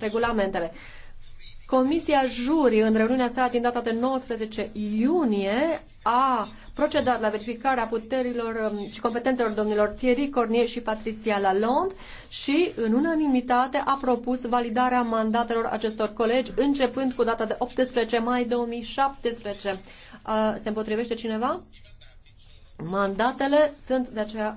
regulamentele. Comisia Juri, în reuniunea sa din data de 19 iunie, a procedat la verificarea puterilor um, și competențelor domnilor Thierry Cornier și Patricia Lalonde și, în unanimitate, a propus validarea mandatelor acestor colegi, începând cu data de 18 mai 2017. Se împotrivește cineva? Mandatele sunt de aceea